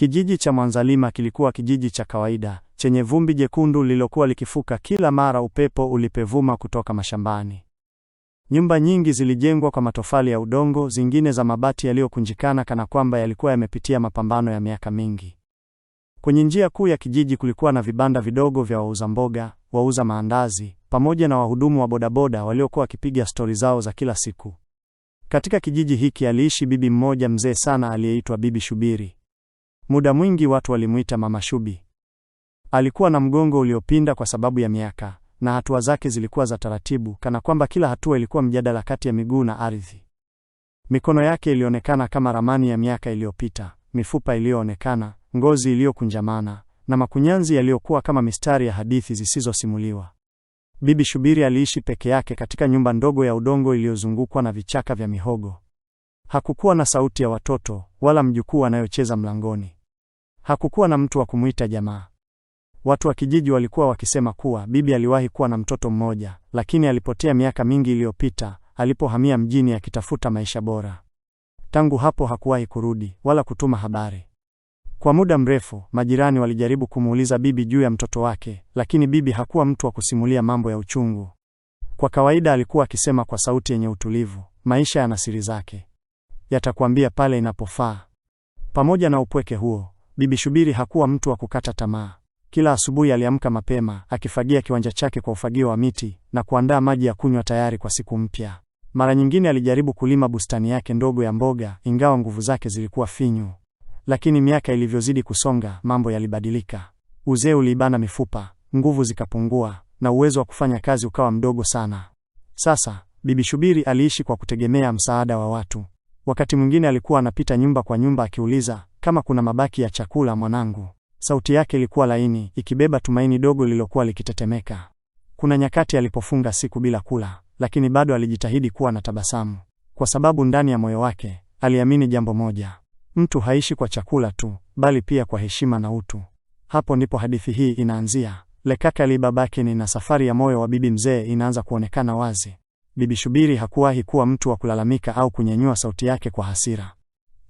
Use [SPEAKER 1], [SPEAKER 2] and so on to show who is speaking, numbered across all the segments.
[SPEAKER 1] Kijiji cha Mwanzalima kilikuwa kijiji cha kawaida chenye vumbi jekundu lililokuwa likifuka kila mara upepo ulipevuma kutoka mashambani. Nyumba nyingi zilijengwa kwa matofali ya udongo, zingine za mabati yaliyokunjikana kana kwamba yalikuwa yamepitia mapambano ya miaka mingi. Kwenye njia kuu ya kijiji kulikuwa na vibanda vidogo vya wauza mboga, wauza maandazi, pamoja na wahudumu wa bodaboda waliokuwa wakipiga stori zao za kila siku. Katika kijiji hiki aliishi bibi mmoja mzee sana aliyeitwa Bibi Shubiri. Muda mwingi watu walimwita Mama Shubi. Alikuwa na mgongo uliopinda kwa sababu ya miaka, na hatua zake zilikuwa za taratibu, kana kwamba kila hatua ilikuwa mjadala kati ya miguu na ardhi. Mikono yake ilionekana kama ramani ya miaka iliyopita, mifupa iliyoonekana, ngozi iliyokunjamana na makunyanzi yaliyokuwa kama mistari ya hadithi zisizosimuliwa. Bibi Shubiri aliishi peke yake katika nyumba ndogo ya udongo iliyozungukwa na vichaka vya mihogo. Hakukuwa na sauti ya watoto wala mjukuu anayocheza mlangoni. Hakukuwa na mtu wa kumwita jamaa. Watu wa kijiji walikuwa wakisema kuwa bibi aliwahi kuwa na mtoto mmoja, lakini alipotea miaka mingi iliyopita alipohamia mjini akitafuta maisha bora. Tangu hapo hakuwahi kurudi wala kutuma habari. Kwa muda mrefu, majirani walijaribu kumuuliza bibi juu ya mtoto wake, lakini bibi hakuwa mtu wa kusimulia mambo ya uchungu. Kwa kawaida alikuwa akisema kwa sauti yenye utulivu, maisha yana siri zake, yatakuambia pale inapofaa. Pamoja na upweke huo, Bibi Shubiri hakuwa mtu wa kukata tamaa. Kila asubuhi aliamka mapema, akifagia kiwanja chake kwa ufagio wa miti na kuandaa maji ya kunywa tayari kwa siku mpya. Mara nyingine alijaribu kulima bustani yake ndogo ya mboga, ingawa nguvu zake zilikuwa finyu. Lakini miaka ilivyozidi kusonga, mambo yalibadilika. Uzee uliibana mifupa, nguvu zikapungua, na uwezo wa kufanya kazi ukawa mdogo sana. Sasa Bibi Shubiri aliishi kwa kutegemea msaada wa watu. Wakati mwingine alikuwa anapita nyumba kwa nyumba akiuliza, kama kuna mabaki ya chakula mwanangu. Sauti yake ilikuwa laini, ikibeba tumaini dogo lililokuwa likitetemeka. Kuna nyakati alipofunga siku bila kula, lakini bado alijitahidi kuwa na tabasamu, kwa sababu ndani ya moyo wake aliamini jambo moja: mtu haishi kwa chakula tu, bali pia kwa heshima na utu. Hapo ndipo hadithi hii inaanzia. Lekaka libabake ni na safari ya moyo wa bibi mzee inaanza kuonekana wazi. Bibi Shubiri hakuwahi kuwa mtu wa kulalamika au kunyanyua sauti yake kwa hasira.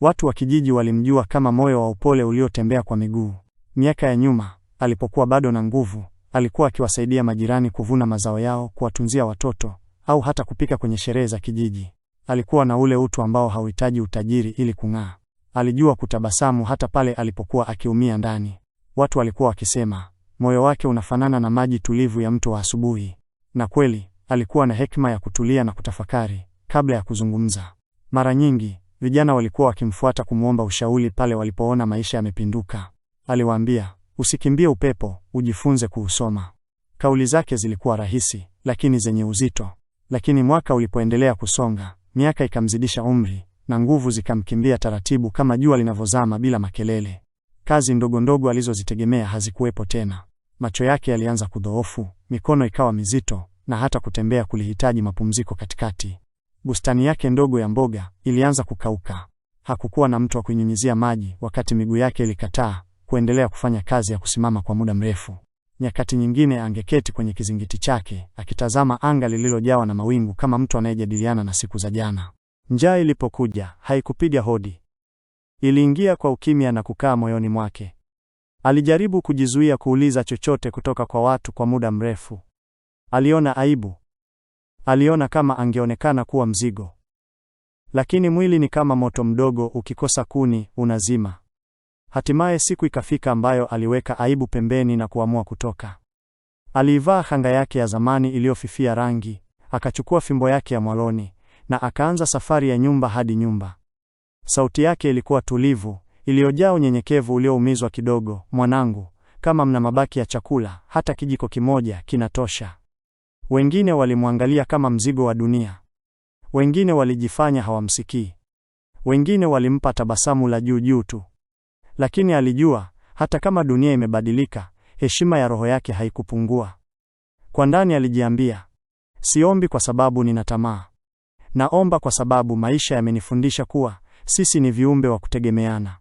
[SPEAKER 1] Watu wa kijiji walimjua kama moyo wa upole uliotembea kwa miguu. Miaka ya nyuma, alipokuwa bado na nguvu, alikuwa akiwasaidia majirani kuvuna mazao yao, kuwatunzia watoto au hata kupika kwenye sherehe za kijiji. Alikuwa na ule utu ambao hauhitaji utajiri ili kung'aa. Alijua kutabasamu hata pale alipokuwa akiumia ndani. Watu walikuwa wakisema moyo wake unafanana na maji tulivu ya mto wa asubuhi, na kweli alikuwa na hekima ya kutulia na kutafakari kabla ya kuzungumza. Mara nyingi Vijana walikuwa wakimfuata kumwomba ushauri pale walipoona maisha yamepinduka. Aliwaambia, usikimbie upepo, ujifunze kuusoma. Kauli zake zilikuwa rahisi lakini zenye uzito. Lakini mwaka ulipoendelea kusonga, miaka ikamzidisha umri na nguvu zikamkimbia taratibu, kama jua linavyozama bila makelele. Kazi ndogo ndogo alizozitegemea hazikuwepo tena. Macho yake yalianza kudhoofu, mikono ikawa mizito na hata kutembea kulihitaji mapumziko katikati. Bustani yake ndogo ya mboga ilianza kukauka. Hakukuwa na mtu wa kuinyunyizia maji, wakati miguu yake ilikataa kuendelea kufanya kazi ya kusimama kwa muda mrefu. Nyakati nyingine angeketi kwenye kizingiti chake akitazama anga lililojawa na mawingu kama mtu anayejadiliana na siku za jana. Njaa ilipokuja haikupiga hodi, iliingia kwa ukimya na kukaa moyoni mwake. Alijaribu kujizuia kuuliza chochote kutoka kwa watu kwa muda mrefu. Aliona aibu Aliona kama angeonekana kuwa mzigo, lakini mwili ni kama moto mdogo, ukikosa kuni unazima. Hatimaye siku ikafika ambayo aliweka aibu pembeni na kuamua kutoka. Aliivaa hanga yake ya zamani iliyofifia rangi, akachukua fimbo yake ya mwaloni na akaanza safari ya nyumba hadi nyumba. Sauti yake ilikuwa tulivu, iliyojaa unyenyekevu ulioumizwa kidogo. Mwanangu, kama mna mabaki ya chakula, hata kijiko kimoja kinatosha. Wengine walimwangalia kama mzigo wa dunia, wengine walijifanya hawamsikii, wengine walimpa tabasamu la juu juu tu, lakini alijua hata kama dunia imebadilika, heshima ya roho yake haikupungua. Kwa ndani alijiambia, siombi kwa sababu nina tamaa, naomba kwa sababu maisha yamenifundisha kuwa sisi ni viumbe wa kutegemeana.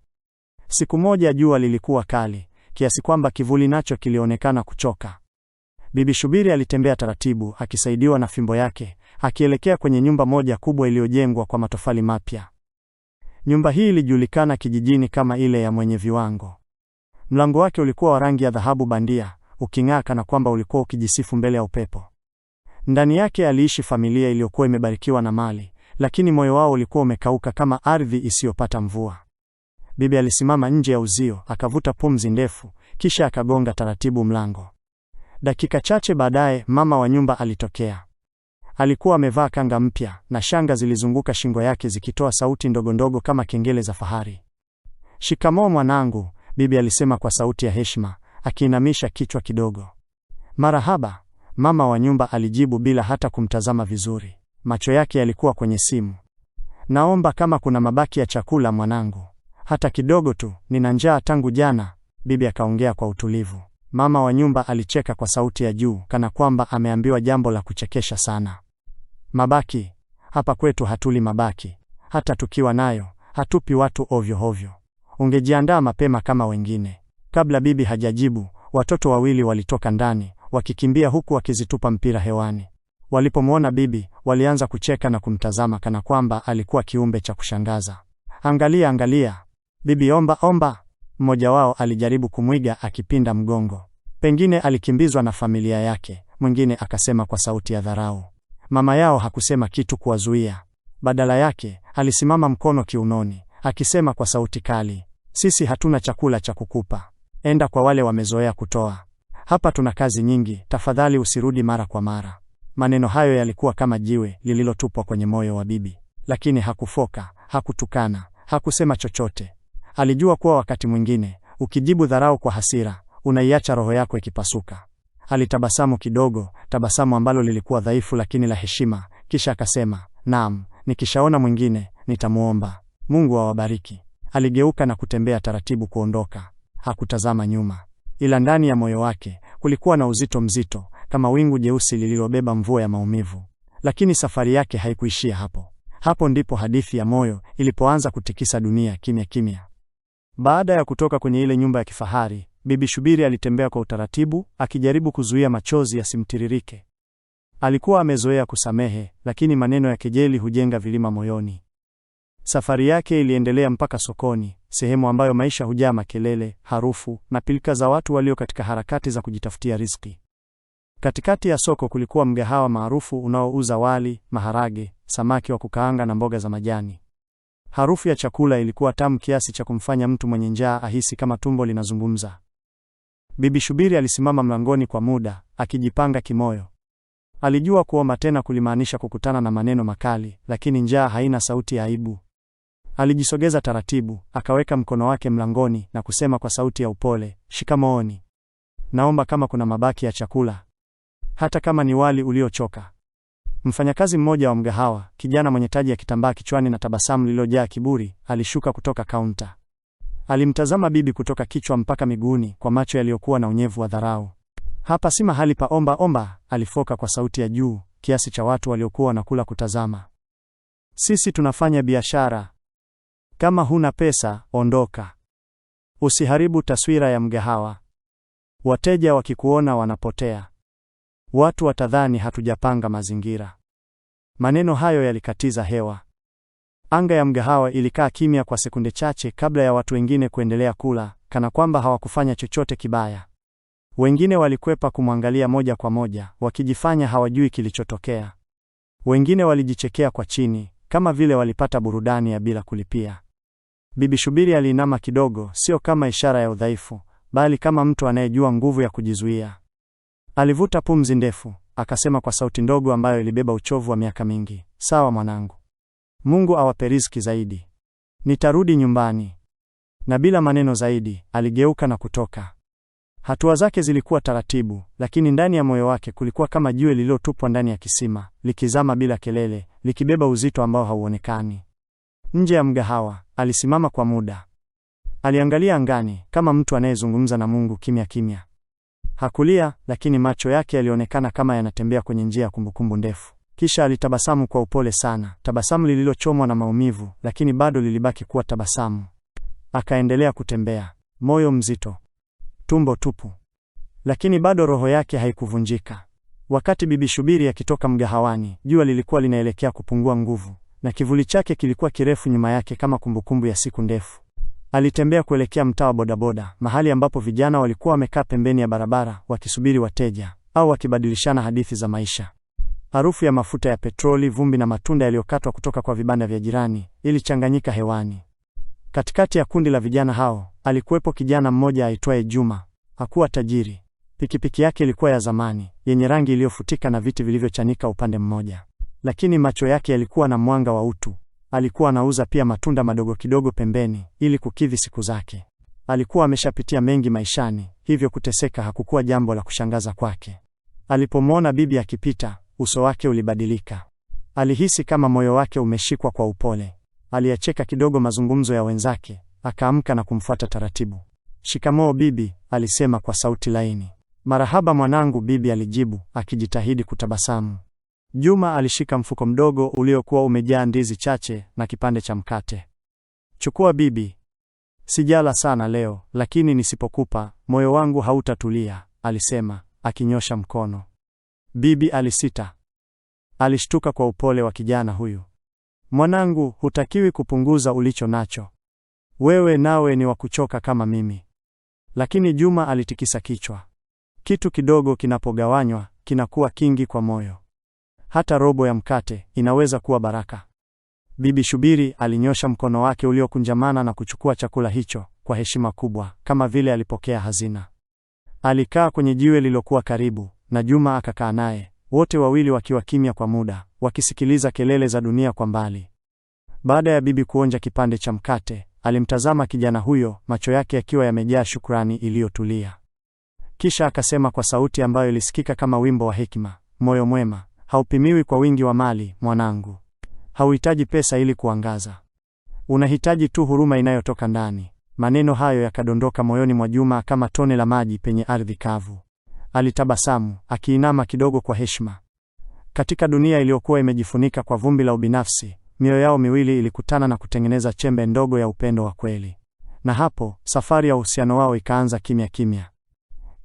[SPEAKER 1] Siku moja jua lilikuwa kali kiasi kwamba kivuli nacho kilionekana kuchoka. Bibi Shubiri alitembea taratibu akisaidiwa na fimbo yake, akielekea kwenye nyumba moja kubwa iliyojengwa kwa matofali mapya. Nyumba hii ilijulikana kijijini kama ile ya mwenye viwango. Mlango wake ulikuwa wa rangi ya dhahabu bandia, uking'aa kana kwamba ulikuwa ukijisifu mbele ya upepo. Ndani yake aliishi familia iliyokuwa imebarikiwa na mali, lakini moyo wao ulikuwa umekauka kama ardhi isiyopata mvua. Bibi alisimama nje ya uzio, akavuta pumzi ndefu, kisha akagonga taratibu mlango. Dakika chache baadaye mama wa nyumba alitokea. Alikuwa amevaa kanga mpya na shanga zilizunguka shingo yake zikitoa sauti ndogondogo kama kengele za fahari. Shikamoo mwanangu, bibi alisema kwa sauti ya heshima, akiinamisha kichwa kidogo. Marahaba, mama wa nyumba alijibu bila hata kumtazama vizuri. Macho yake yalikuwa kwenye simu. Naomba kama kuna mabaki ya chakula mwanangu, hata kidogo tu, nina njaa tangu jana, bibi akaongea kwa utulivu. Mama wa nyumba alicheka kwa sauti ya juu kana kwamba ameambiwa jambo la kuchekesha sana. Mabaki hapa kwetu hatuli mabaki, hata tukiwa nayo hatupi watu ovyo hovyo. Ungejiandaa mapema kama wengine. Kabla bibi hajajibu, watoto wawili walitoka ndani wakikimbia huku wakizitupa mpira hewani. Walipomwona bibi, walianza kucheka na kumtazama kana kwamba alikuwa kiumbe cha kushangaza. Angalia, angalia, bibi omba omba. Mmoja wao alijaribu kumwiga akipinda mgongo, pengine alikimbizwa na familia yake. Mwingine akasema kwa sauti ya dharau. Mama yao hakusema kitu kuwazuia, badala yake alisimama mkono kiunoni, akisema kwa sauti kali, sisi hatuna chakula cha kukupa, enda kwa wale wamezoea kutoa. Hapa tuna kazi nyingi, tafadhali usirudi mara kwa mara. Maneno hayo yalikuwa kama jiwe lililotupwa kwenye moyo wa bibi, lakini hakufoka, hakutukana, hakusema chochote. Alijua kuwa wakati mwingine ukijibu dharau kwa hasira, unaiacha roho yako ikipasuka. Alitabasamu kidogo, tabasamu ambalo lilikuwa dhaifu lakini la heshima, kisha akasema, naam, nikishaona mwingine nitamwomba. Mungu awabariki. Aligeuka na kutembea taratibu kuondoka. Hakutazama nyuma, ila ndani ya moyo wake kulikuwa na uzito mzito kama wingu jeusi lililobeba mvua ya maumivu. Lakini safari yake haikuishia hapo. Hapo ndipo hadithi ya moyo ilipoanza kutikisa dunia kimya kimya. Baada ya kutoka kwenye ile nyumba ya kifahari, Bibi Shubiri alitembea kwa utaratibu, akijaribu kuzuia machozi yasimtiririke. Alikuwa amezoea kusamehe, lakini maneno ya kejeli hujenga vilima moyoni. Safari yake iliendelea mpaka sokoni, sehemu ambayo maisha hujaa makelele, harufu na pilika za watu walio katika harakati za kujitafutia riziki. Katikati ya soko kulikuwa mgahawa maarufu unaouza wali, maharage, samaki wa kukaanga na mboga za majani. Harufu ya chakula ilikuwa tamu kiasi cha kumfanya mtu mwenye njaa ahisi kama tumbo linazungumza. Bibi Shubiri alisimama mlangoni kwa muda, akijipanga kimoyo. Alijua kuoma tena kulimaanisha kukutana na maneno makali, lakini njaa haina sauti ya aibu. Alijisogeza taratibu, akaweka mkono wake mlangoni na kusema kwa sauti ya upole, "Shikamooni. Naomba kama kuna mabaki ya chakula, hata kama ni wali uliochoka." Mfanyakazi mmoja wa mgahawa, kijana mwenye taji ya kitambaa kichwani na tabasamu lililojaa kiburi, alishuka kutoka kaunta. Alimtazama bibi kutoka kichwa mpaka miguuni kwa macho yaliyokuwa na unyevu wa dharau. Hapa si mahali pa omba omba, alifoka kwa sauti ya juu kiasi cha watu waliokuwa wanakula kutazama. Sisi tunafanya biashara. Kama huna pesa, ondoka. Usiharibu taswira ya mgahawa. Wateja wakikuona wanapotea watu watadhani hatujapanga mazingira. Maneno hayo yalikatiza hewa. Anga ya mgahawa ilikaa kimya kwa sekunde chache kabla ya watu wengine kuendelea kula, kana kwamba hawakufanya chochote kibaya. Wengine walikwepa kumwangalia moja kwa moja, wakijifanya hawajui kilichotokea. Wengine walijichekea kwa chini, kama vile walipata burudani ya bila kulipia. Bibi Shubiri aliinama kidogo, sio kama ishara ya udhaifu, bali kama mtu anayejua nguvu ya kujizuia. Alivuta pumzi ndefu, akasema kwa sauti ndogo ambayo ilibeba uchovu wa miaka mingi, sawa mwanangu, Mungu awape riziki zaidi, nitarudi nyumbani. Na bila maneno zaidi aligeuka na kutoka. Hatua zake zilikuwa taratibu, lakini ndani ya moyo wake kulikuwa kama jiwe lililotupwa ndani ya kisima, likizama bila kelele, likibeba uzito ambao hauonekani. Nje ya mgahawa alisimama kwa muda, aliangalia angani kama mtu anayezungumza na Mungu kimya kimya. Hakulia, lakini macho yake yalionekana kama yanatembea kwenye njia ya kumbukumbu ndefu. Kisha alitabasamu kwa upole sana, tabasamu lililochomwa na maumivu, lakini bado lilibaki kuwa tabasamu. Akaendelea kutembea, moyo mzito, tumbo tupu, lakini bado roho yake haikuvunjika. Wakati Bibi Shubiri akitoka mgahawani, jua lilikuwa linaelekea kupungua nguvu, na kivuli chake kilikuwa kirefu nyuma yake kama kumbukumbu ya siku ndefu. Alitembea kuelekea mtaa wa bodaboda, mahali ambapo vijana walikuwa wamekaa pembeni ya barabara wakisubiri wateja au wakibadilishana hadithi za maisha. Harufu ya mafuta ya petroli, vumbi na matunda yaliyokatwa kutoka kwa vibanda vya jirani ilichanganyika hewani. Katikati ya kundi la vijana hao alikuwepo kijana mmoja aitwaye Juma. Hakuwa tajiri. Pikipiki yake ilikuwa ya zamani, yenye rangi iliyofutika na viti vilivyochanika upande mmoja, lakini macho yake yalikuwa na mwanga wa utu. Alikuwa anauza pia matunda madogo kidogo pembeni ili kukidhi siku zake. Alikuwa ameshapitia mengi maishani, hivyo kuteseka hakukuwa jambo la kushangaza kwake. Alipomwona bibi akipita, uso wake ulibadilika. Alihisi kama moyo wake umeshikwa kwa upole. Aliyacheka kidogo mazungumzo ya wenzake, akaamka na kumfuata taratibu. Shikamoo bibi, alisema kwa sauti laini. Marahaba mwanangu, bibi alijibu, akijitahidi kutabasamu. Juma alishika mfuko mdogo uliokuwa umejaa ndizi chache na kipande cha mkate. Chukua bibi, sijala sana leo, lakini nisipokupa moyo wangu hautatulia, alisema akinyosha mkono. Bibi alisita, alishtuka kwa upole wa kijana huyu. Mwanangu, hutakiwi kupunguza ulicho nacho, wewe nawe ni wa kuchoka kama mimi. Lakini Juma alitikisa kichwa. Kitu kidogo kinapogawanywa kinakuwa kingi kwa moyo hata robo ya mkate inaweza kuwa baraka. Bibi Shubiri alinyosha mkono wake uliokunjamana na kuchukua chakula hicho kwa heshima kubwa, kama vile alipokea hazina. Alikaa kwenye jiwe lililokuwa karibu na Juma akakaa naye, wote wawili wakiwa kimya kwa muda, wakisikiliza kelele za dunia kwa mbali. Baada ya bibi kuonja kipande cha mkate, alimtazama kijana huyo, macho yake yakiwa yamejaa shukrani iliyotulia. Kisha akasema kwa sauti ambayo ilisikika kama wimbo wa hekima, moyo mwema, Haupimiwi kwa wingi wa mali, mwanangu. Hauhitaji pesa ili kuangaza, unahitaji tu huruma inayotoka ndani. Maneno hayo yakadondoka moyoni mwa Juma kama tone la maji penye ardhi kavu. Alitabasamu akiinama kidogo kwa heshima. Katika dunia iliyokuwa imejifunika kwa vumbi la ubinafsi, mioyo yao miwili ilikutana na kutengeneza chembe ndogo ya upendo wa kweli, na hapo safari ya uhusiano wao ikaanza kimya kimya.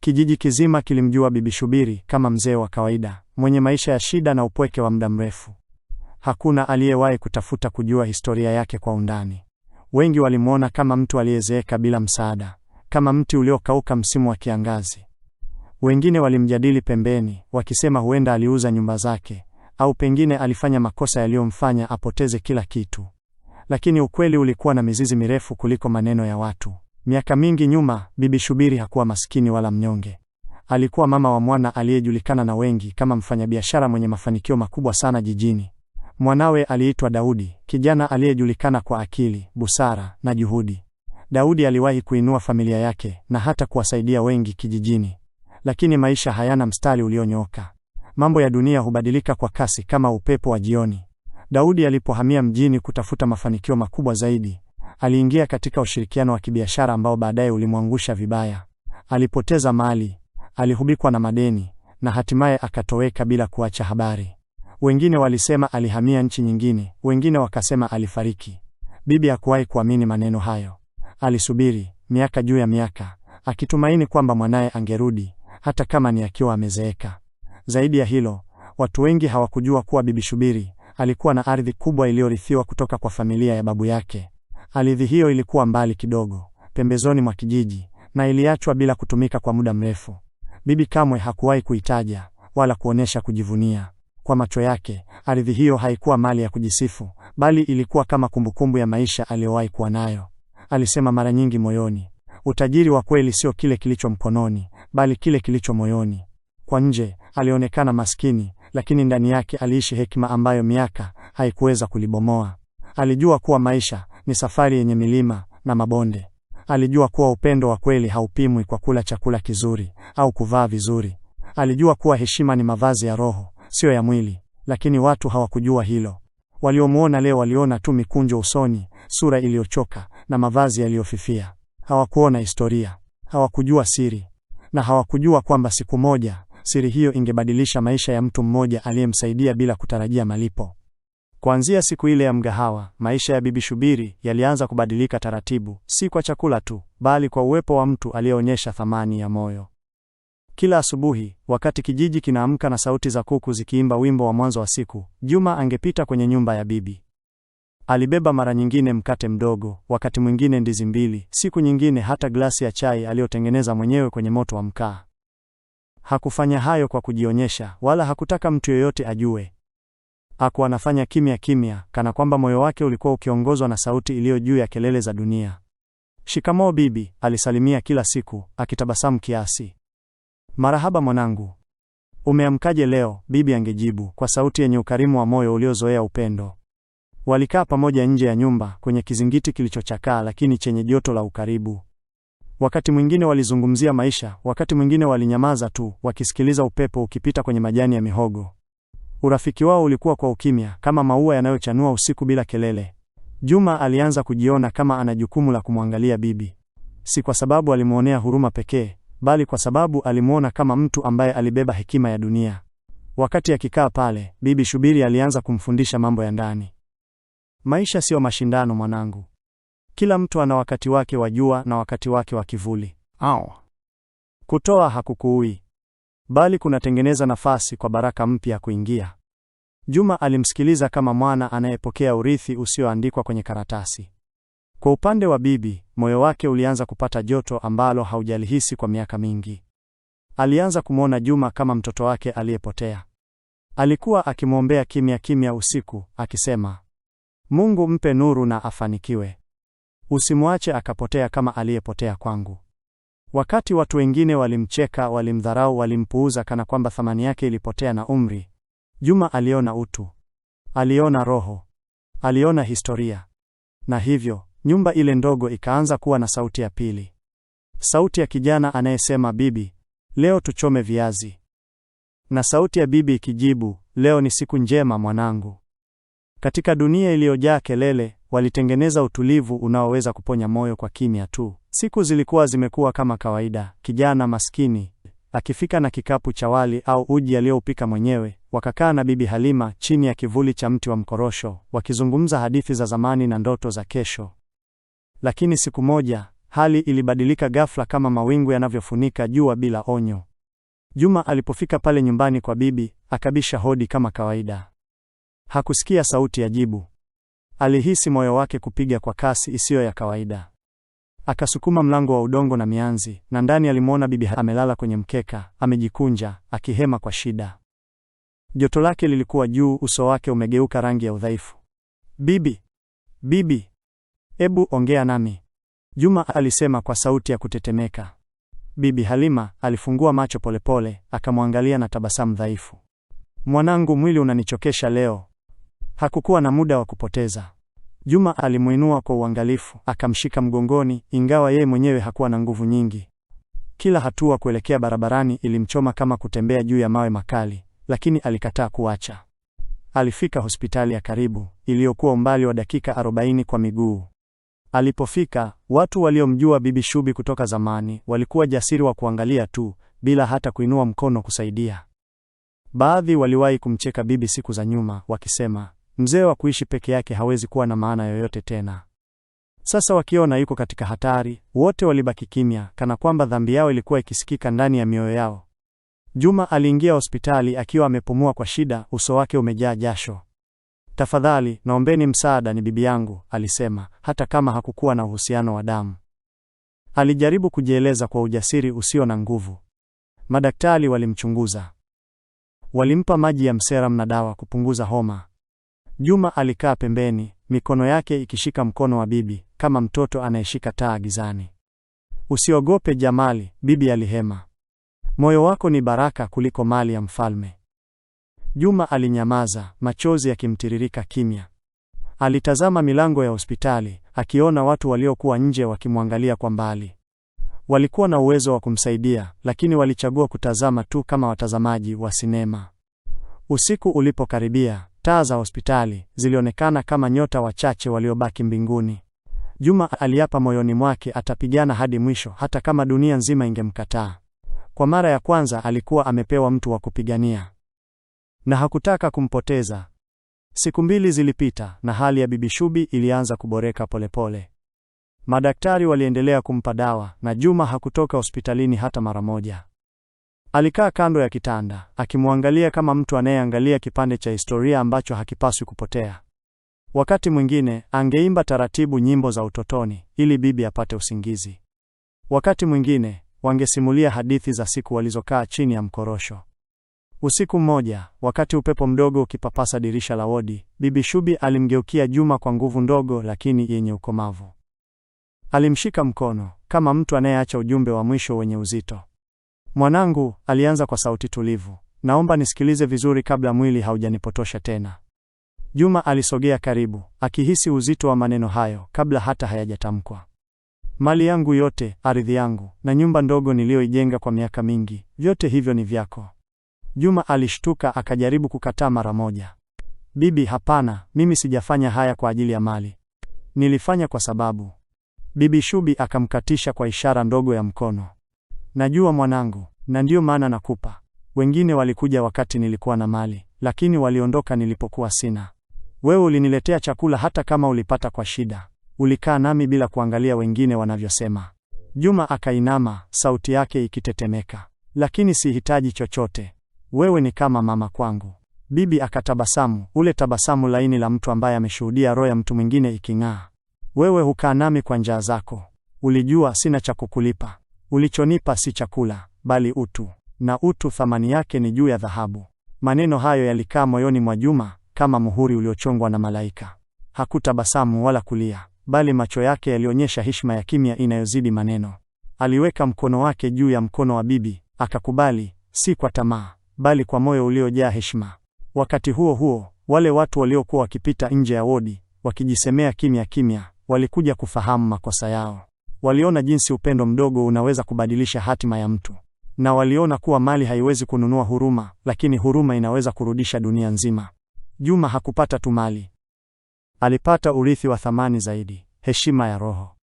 [SPEAKER 1] Kijiji kizima kilimjua Bibi Shubiri kama mzee wa kawaida mwenye maisha ya shida na upweke wa muda mrefu. Hakuna aliyewahi kutafuta kujua historia yake kwa undani. Wengi walimwona kama mtu aliyezeeka bila msaada, kama mti uliokauka msimu wa kiangazi. Wengine walimjadili pembeni, wakisema huenda aliuza nyumba zake au pengine alifanya makosa yaliyomfanya apoteze kila kitu. Lakini ukweli ulikuwa na mizizi mirefu kuliko maneno ya watu. Miaka mingi nyuma, Bibi Shubiri hakuwa maskini wala mnyonge. Alikuwa mama wa mwana aliyejulikana na wengi kama mfanyabiashara mwenye mafanikio makubwa sana jijini. Mwanawe aliitwa Daudi, kijana aliyejulikana kwa akili, busara na juhudi. Daudi aliwahi kuinua familia yake na hata kuwasaidia wengi kijijini. Lakini maisha hayana mstari ulionyooka. Mambo ya dunia hubadilika kwa kasi kama upepo wa jioni. Daudi alipohamia mjini kutafuta mafanikio makubwa zaidi, Aliingia katika ushirikiano wa kibiashara ambao baadaye ulimwangusha vibaya. Alipoteza mali, alihubikwa na madeni na hatimaye akatoweka bila kuacha habari. Wengine walisema alihamia nchi nyingine, wengine wakasema alifariki. Bibi hakuwahi kuamini maneno hayo. Alisubiri miaka juu ya miaka, akitumaini kwamba mwanaye angerudi hata kama ni akiwa amezeeka. Zaidi ya hilo, watu wengi hawakujua kuwa Bibi Shubiri alikuwa na ardhi kubwa iliyorithiwa kutoka kwa familia ya babu yake Ardhi hiyo ilikuwa mbali kidogo, pembezoni mwa kijiji, na iliachwa bila kutumika kwa muda mrefu. Bibi kamwe hakuwahi kuitaja wala kuonesha kujivunia. Kwa macho yake, ardhi hiyo haikuwa mali ya kujisifu, bali ilikuwa kama kumbukumbu ya maisha aliyowahi kuwa nayo. Alisema mara nyingi moyoni, utajiri wa kweli sio kile kilicho mkononi, bali kile kilicho moyoni. Kwa nje alionekana maskini, lakini ndani yake aliishi hekima ambayo miaka haikuweza kulibomoa. Alijua kuwa maisha ni safari yenye milima na mabonde. Alijua kuwa upendo wa kweli haupimwi kwa kula chakula kizuri au kuvaa vizuri. Alijua kuwa heshima ni mavazi ya roho, siyo ya mwili, lakini watu hawakujua hilo. Waliomwona leo waliona tu mikunjo usoni, sura iliyochoka na mavazi yaliyofifia. Hawakuona historia, hawakujua siri, na hawakujua kwamba siku moja siri hiyo ingebadilisha maisha ya mtu mmoja aliyemsaidia bila kutarajia malipo. Kuanzia siku ile ya mgahawa, maisha ya Bibi Shubiri yalianza kubadilika taratibu, si kwa chakula tu, bali kwa uwepo wa mtu aliyeonyesha thamani ya moyo. Kila asubuhi, wakati kijiji kinaamka na sauti za kuku zikiimba wimbo wa mwanzo wa siku, Juma angepita kwenye nyumba ya bibi. Alibeba mara nyingine mkate mdogo, wakati mwingine ndizi mbili, siku nyingine hata glasi ya chai aliyotengeneza mwenyewe kwenye moto wa mkaa. Hakufanya hayo kwa kujionyesha, wala hakutaka mtu yoyote ajue. Hakuwa anafanya kimya kimya, kana kwamba moyo wake ulikuwa ukiongozwa na sauti iliyo juu ya kelele za dunia. Shikamoo bibi, alisalimia kila siku akitabasamu kiasi. Marahaba mwanangu, umeamkaje leo? Bibi angejibu kwa sauti yenye ukarimu wa moyo uliozoea upendo. Walikaa pamoja nje ya nyumba kwenye kizingiti kilichochakaa lakini chenye joto la ukaribu. Wakati mwingine walizungumzia maisha, wakati mwingine walinyamaza tu, wakisikiliza upepo ukipita kwenye majani ya mihogo. Urafiki wao ulikuwa kwa ukimya, kama maua yanayochanua usiku bila kelele. Juma alianza kujiona kama ana jukumu la kumwangalia bibi, si kwa sababu alimwonea huruma pekee, bali kwa sababu alimwona kama mtu ambaye alibeba hekima ya dunia. Wakati akikaa pale, bibi Shubiri alianza kumfundisha mambo ya ndani. Maisha siyo mashindano, mwanangu. Kila mtu ana wakati wake wa jua na wakati wake wa kivuli. Au kutoa hakukuui, bali kunatengeneza nafasi kwa baraka mpya kuingia. Juma alimsikiliza kama mwana anayepokea urithi usioandikwa kwenye karatasi. Kwa upande wa bibi, moyo wake ulianza kupata joto ambalo haujalihisi kwa miaka mingi. Alianza kumwona Juma kama mtoto wake aliyepotea. Alikuwa akimwombea kimya kimya usiku, akisema, Mungu mpe nuru na afanikiwe, usimwache akapotea kama aliyepotea kwangu. Wakati watu wengine walimcheka, walimdharau, walimpuuza kana kwamba thamani yake ilipotea na umri, Juma aliona utu, aliona roho, aliona historia, na hivyo nyumba ile ndogo ikaanza kuwa na sauti ya pili, sauti ya kijana anayesema, bibi, leo tuchome viazi, na sauti ya bibi ikijibu, leo ni siku njema mwanangu. Katika dunia iliyojaa kelele, walitengeneza utulivu unaoweza kuponya moyo kwa kimya tu. Siku zilikuwa zimekuwa kama kawaida, kijana maskini akifika na kikapu cha wali au uji aliyoupika mwenyewe, wakakaa na Bibi Halima chini ya kivuli cha mti wa mkorosho, wakizungumza hadithi za zamani na ndoto za kesho. Lakini siku moja hali ilibadilika ghafla, kama mawingu yanavyofunika jua bila onyo. Juma alipofika pale nyumbani kwa bibi, akabisha hodi kama kawaida. Hakusikia sauti ya jibu. Alihisi moyo wake kupiga kwa kasi isiyo ya kawaida. Akasukuma mlango wa udongo na mianzi, na ndani alimwona bibi amelala kwenye mkeka, amejikunja akihema kwa shida. Joto lake lilikuwa juu, uso wake umegeuka rangi ya udhaifu. Bibi, bibi, ebu ongea nami, Juma alisema kwa sauti ya kutetemeka. Bibi Halima alifungua macho polepole, akamwangalia na tabasamu dhaifu. Mwanangu, mwili unanichokesha leo. Hakukuwa na muda wa kupoteza. Juma alimwinua kwa uangalifu, akamshika mgongoni, ingawa yeye mwenyewe hakuwa na nguvu nyingi. Kila hatua kuelekea barabarani ilimchoma kama kutembea juu ya mawe makali, lakini alikataa kuacha. Alifika hospitali ya karibu iliyokuwa umbali wa dakika 40 kwa miguu. Alipofika, watu waliomjua Bibi Shubi kutoka zamani walikuwa jasiri wa kuangalia tu bila hata kuinua mkono kusaidia. Baadhi waliwahi kumcheka Bibi siku za nyuma, wakisema mzee wa kuishi peke yake hawezi kuwa na maana yoyote tena. Sasa wakiona yuko katika hatari, wote walibaki kimya, kana kwamba dhambi yao ilikuwa ikisikika ndani ya mioyo yao. Juma aliingia hospitali akiwa amepumua kwa shida, uso wake umejaa jasho. Tafadhali naombeni msaada, ni bibi yangu, alisema, hata kama hakukuwa na uhusiano wa damu. Alijaribu kujieleza kwa ujasiri usio na nguvu. Madaktari walimchunguza, walimpa maji ya mseram na dawa kupunguza homa. Juma alikaa pembeni, mikono yake ikishika mkono wa bibi kama mtoto anayeshika taa gizani. Usiogope Jamali, bibi alihema. Moyo wako ni baraka kuliko mali ya mfalme. Juma alinyamaza, machozi yakimtiririka kimya. Alitazama milango ya hospitali, akiona watu waliokuwa nje wakimwangalia kwa mbali. Walikuwa na uwezo wa kumsaidia, lakini walichagua kutazama tu kama watazamaji wa sinema. Usiku ulipokaribia, Taa za hospitali zilionekana kama nyota wachache waliobaki mbinguni. Juma aliapa moyoni mwake atapigana hadi mwisho, hata kama dunia nzima ingemkataa. Kwa mara ya kwanza alikuwa amepewa mtu wa kupigania, na hakutaka kumpoteza. Siku mbili zilipita na hali ya Bibi Shubi ilianza kuboreka polepole. Madaktari waliendelea kumpa dawa na Juma hakutoka hospitalini hata mara moja. Alikaa kando ya kitanda akimwangalia kama mtu anayeangalia kipande cha historia ambacho hakipaswi kupotea. Wakati mwingine angeimba taratibu nyimbo za utotoni ili bibi apate usingizi. Wakati mwingine wangesimulia hadithi za siku walizokaa chini ya mkorosho. Usiku mmoja, wakati upepo mdogo ukipapasa dirisha la wodi, bibi Shubi alimgeukia Juma kwa nguvu ndogo lakini yenye ukomavu. Alimshika mkono kama mtu anayeacha ujumbe wa mwisho wenye uzito. Mwanangu, alianza kwa sauti tulivu, naomba nisikilize vizuri kabla mwili haujanipotosha tena. Juma alisogea karibu, akihisi uzito wa maneno hayo kabla hata hayajatamkwa. Mali yangu yote, ardhi yangu na nyumba ndogo niliyoijenga kwa miaka mingi, vyote hivyo ni vyako. Juma alishtuka, akajaribu kukataa mara moja. Bibi, hapana, mimi sijafanya haya kwa ajili ya mali, nilifanya kwa sababu. Bibi Shubi akamkatisha kwa ishara ndogo ya mkono. Najua mwanangu, na ndiyo maana nakupa. Wengine walikuja wakati nilikuwa na mali, lakini waliondoka nilipokuwa sina. Wewe uliniletea chakula hata kama ulipata kwa shida. Ulikaa nami bila kuangalia wengine wanavyosema. Juma akainama, sauti yake ikitetemeka. Lakini sihitaji chochote. Wewe ni kama mama kwangu. Bibi akatabasamu, ule tabasamu laini la mtu ambaye ameshuhudia roho ya mtu mwingine iking'aa. Wewe hukaa nami kwa njaa zako. Ulijua sina cha kukulipa. Ulichonipa si chakula, bali utu, na utu thamani yake ni juu ya dhahabu. Maneno hayo yalikaa moyoni mwa Juma kama muhuri uliochongwa na malaika. Hakutabasamu wala kulia, bali macho yake yalionyesha heshima ya kimya inayozidi maneno. Aliweka mkono wake juu ya mkono wa bibi, akakubali, si kwa tamaa, bali kwa moyo uliojaa heshima. Wakati huo huo, wale watu waliokuwa wakipita nje ya wodi wakijisemea kimya kimya, walikuja kufahamu makosa yao. Waliona jinsi upendo mdogo unaweza kubadilisha hatima ya mtu, na waliona kuwa mali haiwezi kununua huruma, lakini huruma inaweza kurudisha dunia nzima. Juma hakupata tu mali, alipata urithi wa thamani zaidi, heshima ya roho.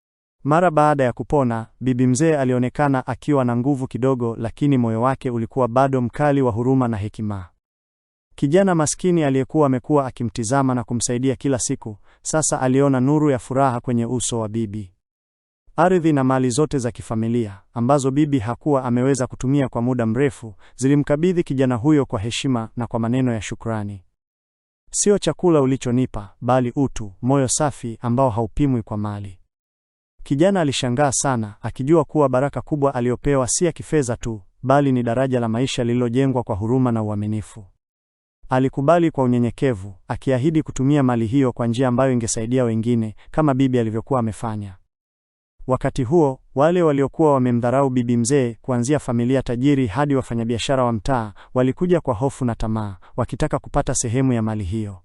[SPEAKER 1] Mara baada ya kupona, bibi mzee alionekana akiwa na nguvu kidogo, lakini moyo wake ulikuwa bado mkali wa huruma na hekima. Kijana maskini aliyekuwa amekuwa akimtizama na kumsaidia kila siku, sasa aliona nuru ya furaha kwenye uso wa bibi. Ardhi na mali zote za kifamilia ambazo bibi hakuwa ameweza kutumia kwa muda mrefu zilimkabidhi kijana huyo kwa heshima na kwa maneno ya shukrani. Sio chakula ulichonipa, bali utu, moyo safi ambao haupimwi kwa mali. Kijana alishangaa sana, akijua kuwa baraka kubwa aliyopewa si ya kifedha tu, bali ni daraja la maisha lililojengwa kwa huruma na uaminifu. Alikubali kwa unyenyekevu, akiahidi kutumia mali hiyo kwa njia ambayo ingesaidia wengine, kama bibi alivyokuwa amefanya. Wakati huo wale waliokuwa wamemdharau bibi mzee, kuanzia familia tajiri hadi wafanyabiashara wa mtaa, walikuja kwa hofu na tamaa, wakitaka kupata sehemu ya mali hiyo.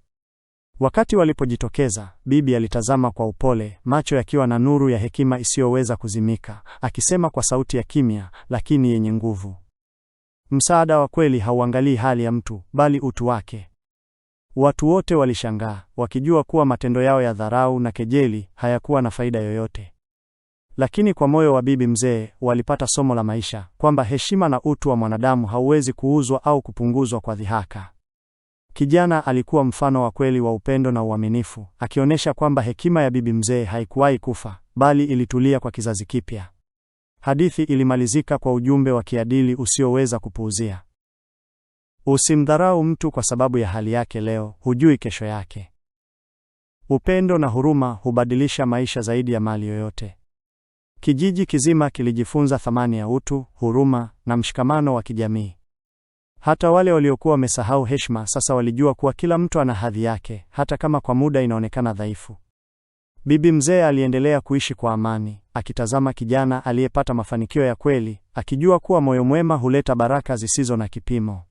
[SPEAKER 1] Wakati walipojitokeza, bibi alitazama kwa upole, macho yakiwa na nuru ya hekima isiyoweza kuzimika, akisema kwa sauti ya kimya lakini yenye nguvu, msaada wa kweli hauangalii hali ya mtu, bali utu wake. Watu wote walishangaa, wakijua kuwa matendo yao ya dharau na kejeli hayakuwa na faida yoyote. Lakini kwa moyo wa bibi mzee walipata somo la maisha kwamba heshima na utu wa mwanadamu hauwezi kuuzwa au kupunguzwa kwa dhihaka. Kijana alikuwa mfano wa kweli wa upendo na uaminifu, akionyesha kwamba hekima ya bibi mzee haikuwahi kufa, bali ilitulia kwa kizazi kipya. Hadithi ilimalizika kwa ujumbe wa kiadili usioweza kupuuzia. Usimdharau mtu kwa sababu ya hali yake leo, hujui kesho yake. Upendo na huruma hubadilisha maisha zaidi ya mali yoyote. Kijiji kizima kilijifunza thamani ya utu, huruma na mshikamano wa kijamii. Hata wale waliokuwa wamesahau heshima sasa walijua kuwa kila mtu ana hadhi yake, hata kama kwa muda inaonekana dhaifu. Bibi mzee aliendelea kuishi kwa amani, akitazama kijana aliyepata mafanikio ya kweli, akijua kuwa moyo mwema huleta baraka zisizo na kipimo.